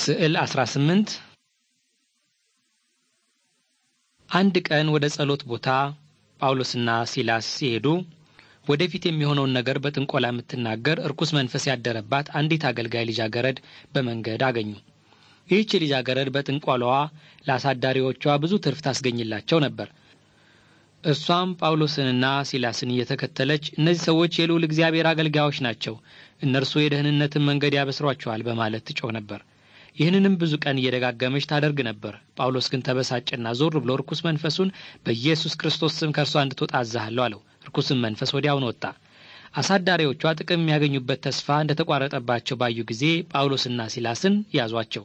ስዕል 18 አንድ ቀን ወደ ጸሎት ቦታ ጳውሎስና ሲላስ ሲሄዱ ወደፊት የሚሆነውን ነገር በጥንቆላ የምትናገር እርኩስ መንፈስ ያደረባት አንዲት አገልጋይ ልጃገረድ በመንገድ አገኙ። ይህች ልጃገረድ በጥንቆላዋ ለአሳዳሪዎቿ ብዙ ትርፍ ታስገኝላቸው ነበር። እሷም ጳውሎስንና ሲላስን እየተከተለች እነዚህ ሰዎች የልዑል እግዚአብሔር አገልጋዮች ናቸው፣ እነርሱ የደህንነትን መንገድ ያበስሯቸዋል በማለት ትጮህ ነበር። ይህንንም ብዙ ቀን እየደጋገመች ታደርግ ነበር። ጳውሎስ ግን ተበሳጨና ዞር ብሎ ርኩስ መንፈሱን በኢየሱስ ክርስቶስ ስም ከእርሷ እንድትወጣ አዛሃለሁ አለው። ርኩስም መንፈስ ወዲያውን ወጣ። አሳዳሪዎቿ ጥቅም የሚያገኙበት ተስፋ እንደተቋረጠባቸው ባዩ ጊዜ ጳውሎስና ሲላስን ያዟቸው።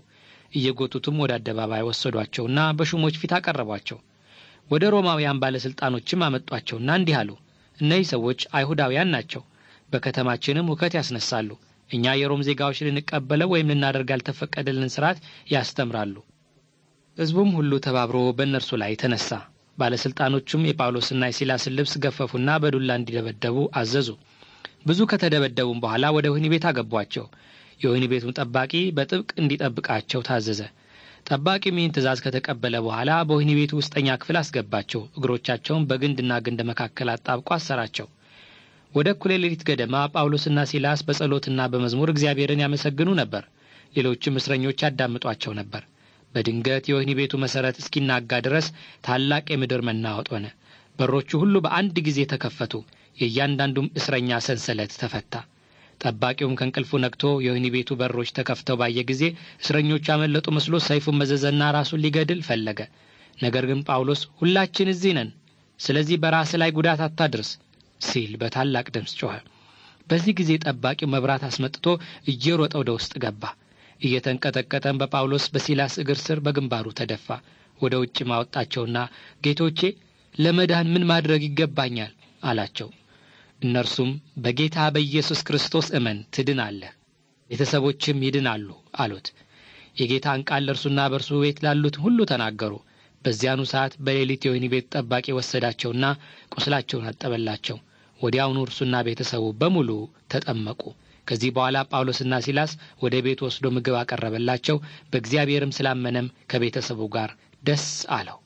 እየጎቱትም ወደ አደባባይ ወሰዷቸውና በሹሞች ፊት አቀረቧቸው። ወደ ሮማውያን ባለሥልጣኖችም አመጧቸውና እንዲህ አሉ። እነዚህ ሰዎች አይሁዳውያን ናቸው፣ በከተማችንም ውከት ያስነሳሉ እኛ የሮም ዜጋዎች ልንቀበለው ወይም ልናደርግ ያልተፈቀደልን ስርዓት ያስተምራሉ። ሕዝቡም ሁሉ ተባብሮ በእነርሱ ላይ ተነሳ። ባለሥልጣኖቹም የጳውሎስና የሲላስን ልብስ ገፈፉና በዱላ እንዲደበደቡ አዘዙ። ብዙ ከተደበደቡም በኋላ ወደ ወህኒ ቤት አገቧቸው። የወህኒ ቤቱም ጠባቂ በጥብቅ እንዲጠብቃቸው ታዘዘ። ጠባቂም ይህን ትእዛዝ ከተቀበለ በኋላ በወህኒ ቤቱ ውስጠኛ ክፍል አስገባቸው። እግሮቻቸውን በግንድና ግንድ መካከል አጣብቆ አሰራቸው። ወደ እኩለ ሌሊት ገደማ ጳውሎስና ሲላስ በጸሎትና በመዝሙር እግዚአብሔርን ያመሰግኑ ነበር። ሌሎችም እስረኞች ያዳምጧቸው ነበር። በድንገት የወህኒ ቤቱ መሠረት እስኪናጋ ድረስ ታላቅ የምድር መናወጥ ሆነ። በሮቹ ሁሉ በአንድ ጊዜ ተከፈቱ። የእያንዳንዱም እስረኛ ሰንሰለት ተፈታ። ጠባቂውም ከእንቅልፉ ነቅቶ የወህኒ ቤቱ በሮች ተከፍተው ባየ ጊዜ እስረኞቹ ያመለጡ መስሎ ሰይፉን መዘዘና ራሱን ሊገድል ፈለገ። ነገር ግን ጳውሎስ ሁላችን እዚህ ነን፣ ስለዚህ በራስ ላይ ጉዳት አታድርስ ሲል በታላቅ ድምፅ ጮኸ። በዚህ ጊዜ ጠባቂው መብራት አስመጥቶ እየሮጠ ወደ ውስጥ ገባ። እየተንቀጠቀጠን በጳውሎስ በሲላስ እግር ስር በግንባሩ ተደፋ። ወደ ውጭ ማወጣቸውና ጌቶቼ ለመዳን ምን ማድረግ ይገባኛል አላቸው። እነርሱም በጌታ በኢየሱስ ክርስቶስ እመን ትድናለህ፣ ቤተሰቦችም ይድናሉ አሉት። የጌታን ቃል ለእርሱና በእርሱ ቤት ላሉት ሁሉ ተናገሩ። በዚያኑ ሰዓት በሌሊት የወህኒ ቤት ጠባቂ ወሰዳቸውና ቁስላቸውን አጠበላቸው። ወዲያውኑ እርሱና ቤተሰቡ በሙሉ ተጠመቁ። ከዚህ በኋላ ጳውሎስና ሲላስ ወደ ቤት ወስዶ ምግብ አቀረበላቸው። በእግዚአብሔርም ስላመነም ከቤተሰቡ ጋር ደስ አለው።